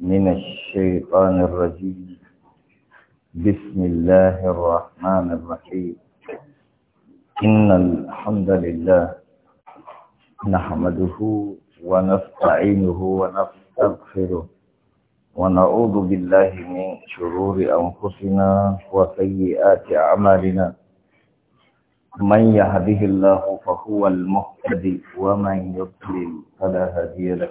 من الشيطان الرجيم بسم الله الرحمن الرحيم إن الحمد لله نحمده ونستعينه ونستغفره ونعوذ بالله من شرور أنفسنا وسيئات أعمالنا من يهده الله فهو المهتدي ومن يضلل فلا هادي له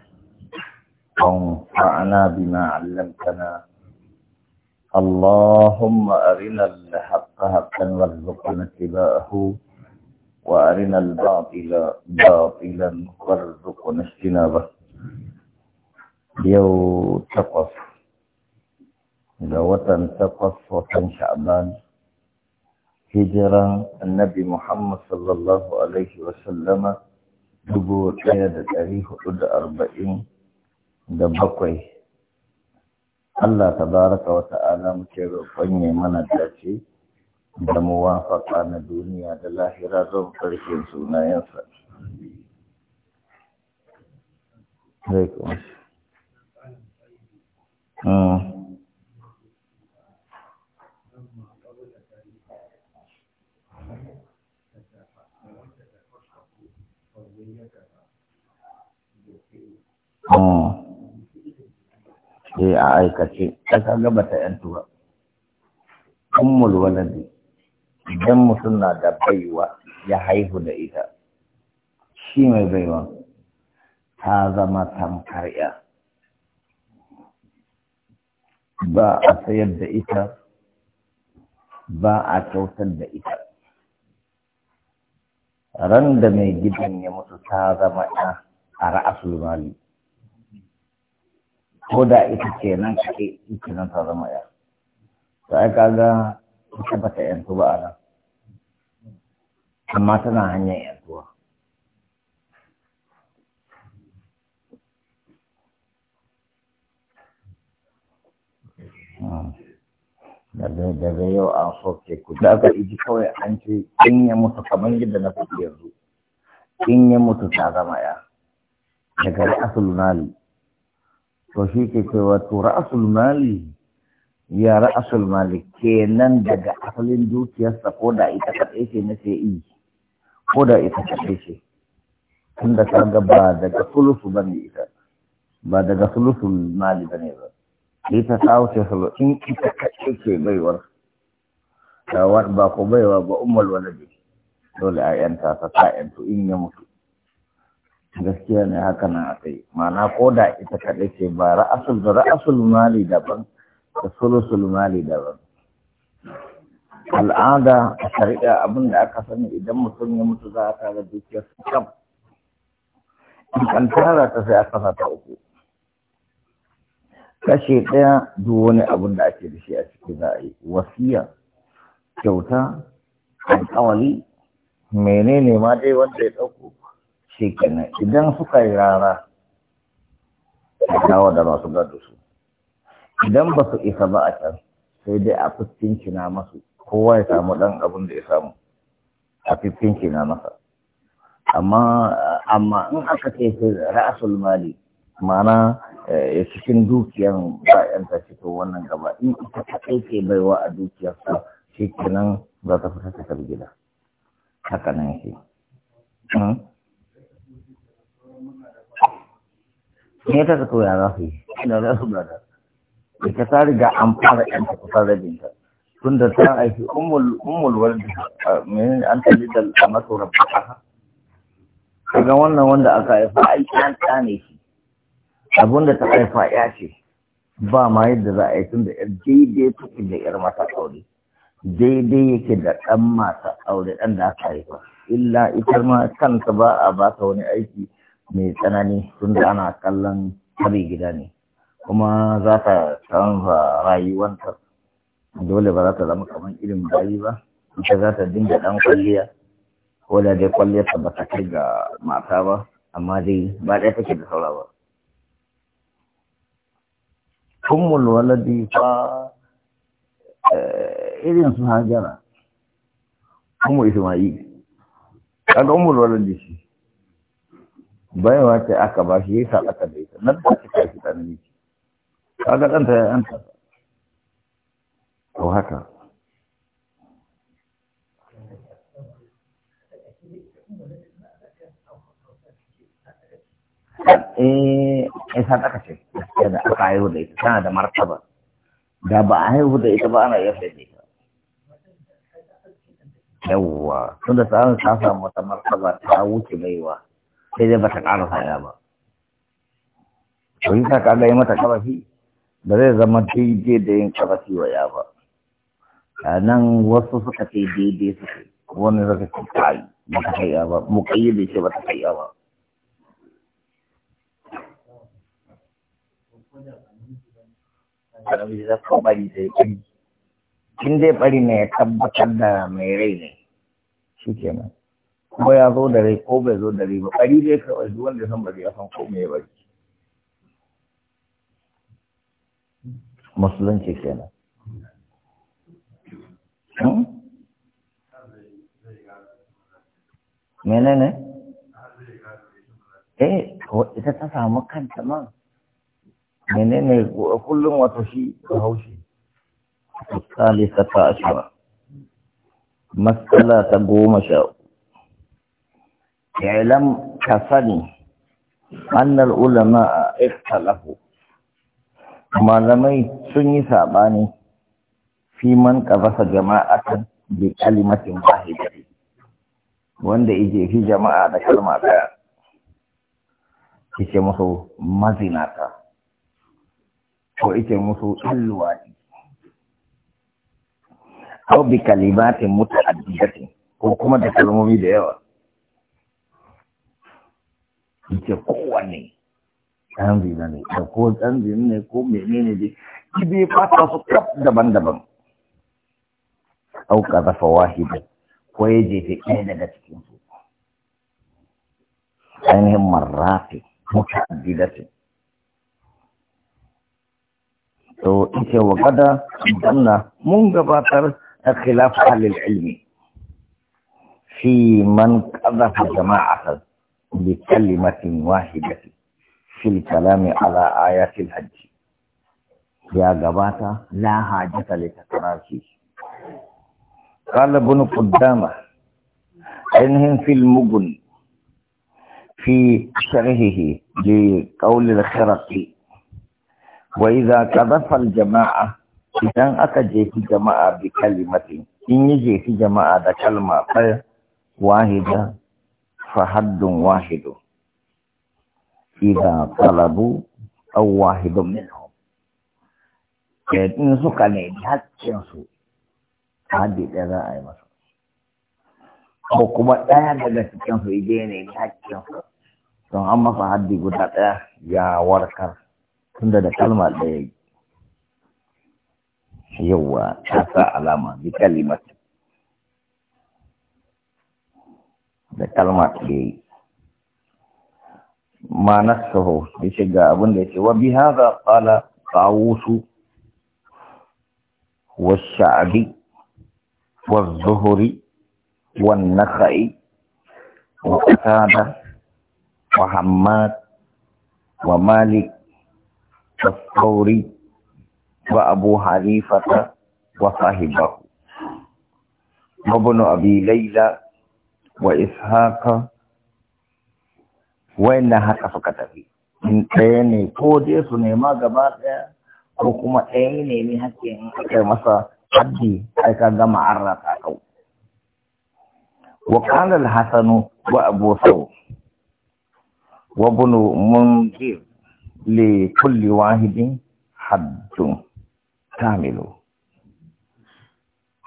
وانفعنا بما علمتنا اللهم أرنا الحق حقا وارزقنا اتباعه وأرنا الباطل باطلا وارزقنا اجتنابه يو تقف لوطن تقف وطن شعبان هجرة النبي محمد صلى الله عليه وسلم دبور قيادة حدود أربعين da bakwai Allah ta baraka wa ta'ala muke roƙon ya mana dace da mu muwafaqa na duniya da lahira don ƙarshen sunayensa. Alaikum. Hmm. ce a aikace ƙasa gaba ta yan tuwa ummul waladi idan mutum na da baiwa ya haihu da ita shi mai baiwa ta zama tamkar ya ba a sayar da ita ba a kyautar da ita Randa mai gidan ya mutu ta zama ya a ra'asul mali ko da ita ce nan kake ita nan ta zama ya to ai kaga ita ba ta yantu ba a nan amma tana hanyar yantuwa hmm. daga yau a soke ku da aka iji kawai an ce in ya mutu kamar yadda na fi yanzu in ya mutu ta zama ya daga asulunali to shi ke cewa to ra'asul mali ya ra'asul mali kenan daga asalin dukiyarsa ko da ita kaɗai ce na sai yi ko da ita kaɗai ce tun da kaga ba daga sulusu ba ne ita ba daga sulusul mali ba ne ba ita ta wuce sulu in ita kaɗai ce baiwar ba ko baiwa ba ummul waladi dole a yanta ta ta yanto in ya mutu gaskiya ne haka nan a kai ma'ana ko da ita kaɗai ce ba ra'asul da ra'asul mali daban da sulusul mali daban al'ada a shari'a abin da aka sani idan mutum ya mutu za a tara dukiyar su kam in an tara ta sai a kasa ta uku kashe ɗaya duk wani abin da ake da shi a ciki za a yi wasiya kyauta alƙawali menene ma dai wanda ya ɗauko shi kenan idan suka yi rara a dawo da masu gado su idan ba su isa ba a can sai dai a fitincina masu kowa ya samu ɗan abin da ya samu a na masa amma amma in aka ce ra'asul mali mana eh, cikin dukiyan bayan ta fito wannan gaba in ita ta ke baiwa a dukiyarsa shi kenan za ta fita ta gida haka nan shi me ta ka koya za su yi ina za su bada ita ta riga an fara yan ta kusan rabin tun da ta aiki umul umul walda menene an ta lidal a masu rabba kaga wannan wanda aka haifa aiki an tsane shi abun ta haifa ya ce ba ma yadda za a yi tun da yar daidai tukin da yar mata aure daidai yake da ɗan mata aure ɗan da aka haifa illa ita ma kanta ba a ba ta wani aiki mai tsanani da ana kallon hari gida ne kuma za ta canza rayuwanta dole ba za ta zama kamar irin bayi ba ita za ta dinga dan kwalliya ko da dai kwalliyar ta ba ta kai ga mata ba amma dai ba ɗaya take da saura ba kummul waladi fa eh, irin su hajara kuma ismai kaga ummul waladi shi Bayan wace aka ba shi yasa aka da ita nan ta cika shi da namiji kaga kanta ya yanta to haka eh sai aka ce da aka haihu da ita tana da martaba da ba a haihu da ita ba ana iya sai ita yawwa tunda sa samu ta martaba ta wuce baiwa sai dai bata ƙara saya ba to yi ta kaga yi mata kafafi ba zai zama daidai da yin kafafi wa ya ba a nan wasu suka ce daidai su suke wani zaka ce kai ba ta kai ya ba mu kayyade ce ba ta kai ya ba Kin dai bari ne ya tabbatar da mai rai ne. Shi ke nan. ko ya zo da rai ko bai zo da rai ba bari dai kawai duk wanda san bari ya san ko me bari musulunci kenan hmm? mene ne? eh ita ta samu kanta man ne kullum wato shi ta bahaushe الثالثة عشرة ta goma شاء ilam ka sani annal ulama ikhtalafu malamai sun yi sabani fi man qabasa jama'atan bi kalimatin wahidah wanda yake fi jama'a da kalma daya yake musu mazinata ko yake musu alwadi ko bi kalimatin mutaaddidatin ko kuma da kalmomi da yawa ce kowanne ɗan zina ne da ko ɗan zina ne ko mene ne ibe fata su kaf daban-daban auka zafa wahida ko ya jefe ɗaya daga cikin su ainihin marrafi mutaddidatin to ita wa kada danna mun gabatar da khilaf halil ilmi fi man qadha jama'atan بكلمة واحدة في الكلام على آيات الحج يا جباتا لا حاجة لتكرار فيه قال ابن قدامة انهم في المجن في شرهه لقول الخرقي وإذا كذف الجماعة إذا أكجي في جماعة بكلمة إن يجي في جماعة كلمة واحدة fahadun wahidu ida talabu a wahidun minhu ya yi su ka su haɗi ɗaya za a yi masa, ko kuma ɗaya daga cikin su ije ne ni su don an masa haɗi guda ɗaya ya warkar tun da da kalma ɗaya yi yauwa ta sa alama bi kalimatu da kalma ke yi ma soho ya shiga ga abin da ya ce wa bi haza qala qawusu wa sha'adi wa zuhuri wa nakhai wa qatada wa hammad wa malik wa sauri, wa abu harifata wa sahibahu wa ibn abi layla wa ishaqa na haka suka tafi in ɗaya ne ko dai su nema gaba ɗaya ko kuma ɗaya ne ne hake in aka masa haddi ai ka gama an rata kau wa qala wa abu sau wa ibn munzir li kulli wahidin haddun kamilu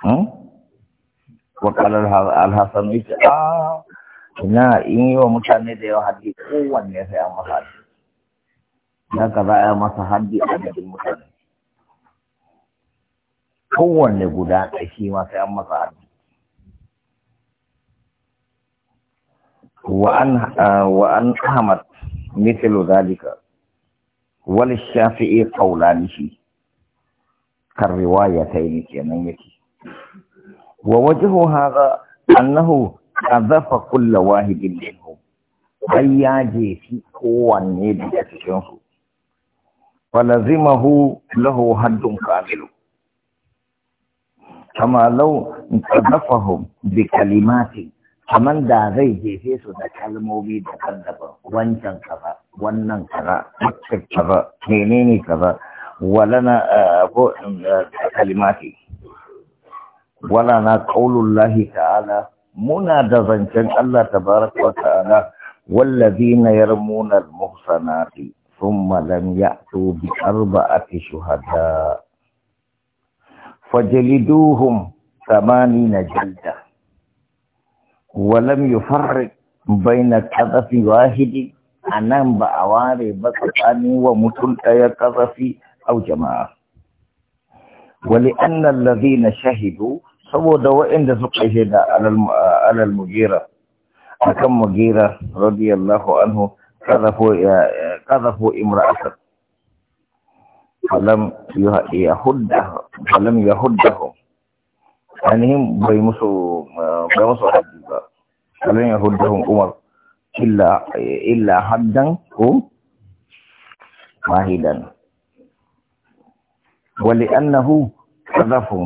hmm? وقال الحسن اه هنا اني ومشان دي وحدي قوان يا سي امه حد لا كذا يا مس حد دي ابي المشان قوان دي غدا شي ما سي امه حد وان آه، وان احمد مثل ذلك وللشافعي قولان شي كالروايتين كما يكي wa wajihu hadha annahu qadhafa kulla wahidin minhum ai ya jefi kowanne daga cikin su falazimahu lahu haddun kamilu kama lau qadhafahum bi kalimatin kaman da zai jefe su da kalmomi da daban wancan kaza wannan kaza wacce kaza menene kaza walana eh, ko eh, kalimati wala na qaulullahi ta'ala muna da zancen Allah tabaraka wa ta'ala wallazina yarmuna al-muhsanati thumma lam ya'tu bi arba'ati shuhada fajliduhum najda wa lam yufarriq baina qadafi wahidi anan ba aware ba tsani wa mutul ɗaya qadafi aw jama'a. Wali annan lazina shahidu saboda waɗanda suka yi da alal mugira akan mugira radiyallahu anhu qadhafu imra'atan falam yahudda falam yahuddahu anihim bai musu bai musu haddi ba falam yahuddahu umar illa illa haddan ko wahidan ولأنه قذفهم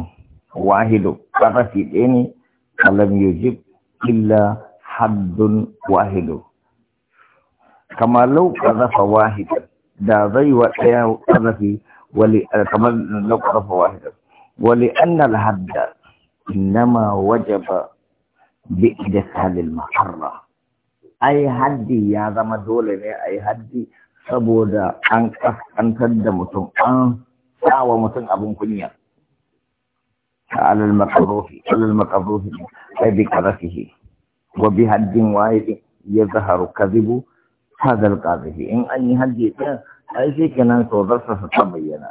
wahidu ƙarfi ɗaya ne alam yujib illa haddun wahidu kama lau ƙarfa wahidan da zai wa ɗaya ƙarfi eh, kamar lau ƙarfa wahidan wali annal hadda innama wajaba bi idkhalil maharra ai haddi ya zama dole ne ai haddi saboda an kaskantar da mutum an sawa mutum abin kunya على المكروه على المكروه بكرته وبهد واحد يظهر كذب هذا القاذف إن أي هدي أي شيء كان صدر فتبين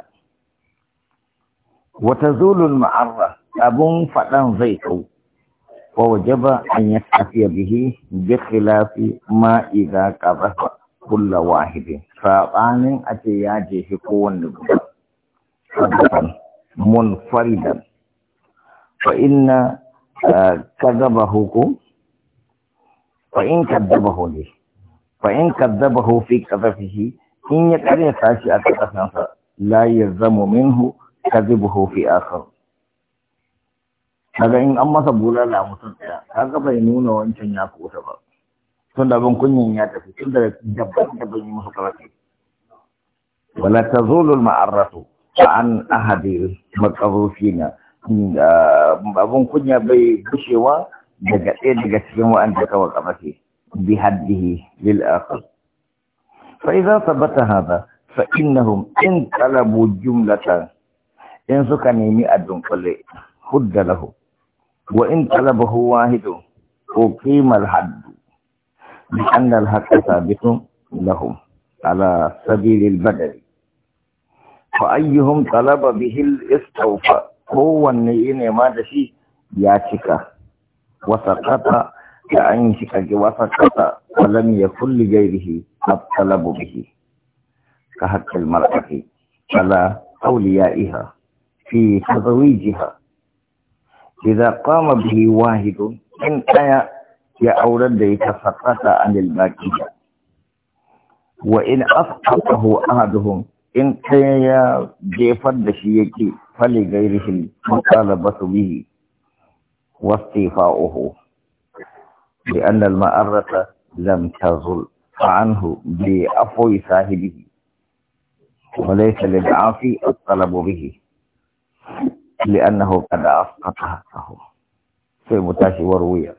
وتزول المعرة أبون فدان زيت ووجب أن يستفي به بخلاف ما إذا كره كل واحد فقال أتي ياجي في قوة منفردا fa inna uh, fa in kadzabahu ne fa in kadzabahu fi in ya kare sashi a kasansa la yazamu minhu kadzabuhu fi akhar kaga in an masa bulala mutum ɗaya kaga bai nuna wancan ya kusa ba tun da ban kunyan ya tafi tun da dabban dabban yi musu karatu wala tazulu al-ma'arratu an ahadi maqrufina abun kunya bai kushewa daga ɗaya daga cikin wa'anda kawai kamake bi haddihi lil akhar fa idza thabata hada fa innahum in talabu jumlatan in suka nemi adun dunkule hudda lahu wa in talabahu wahidu ko qimal hadd bi anna al haqqa sabitun lahum ala sabilil al fa ayyuhum talaba bihil istawfa kowanne ya nema da shi ya cika wasa kata da an yi cika kage wasa kata walam ya kulli gairihi abtalabu bihi ka haƙƙin mar'ati ala iya. fi tazawijiha idza qama bihi wahidun in ɗaya ya aurar da ita sakata anil baqiya wa in asqatahu ahaduhum in ɗaya ya jefar da shi yake fali gairihin mutala basu bihi wasu fa'oho bi an dal a lam tazul fa'anhu bi afoyi sahibihi walai tale da fi a talabo bihi li annahu kada asqata sahu sai mu tashi war wuyar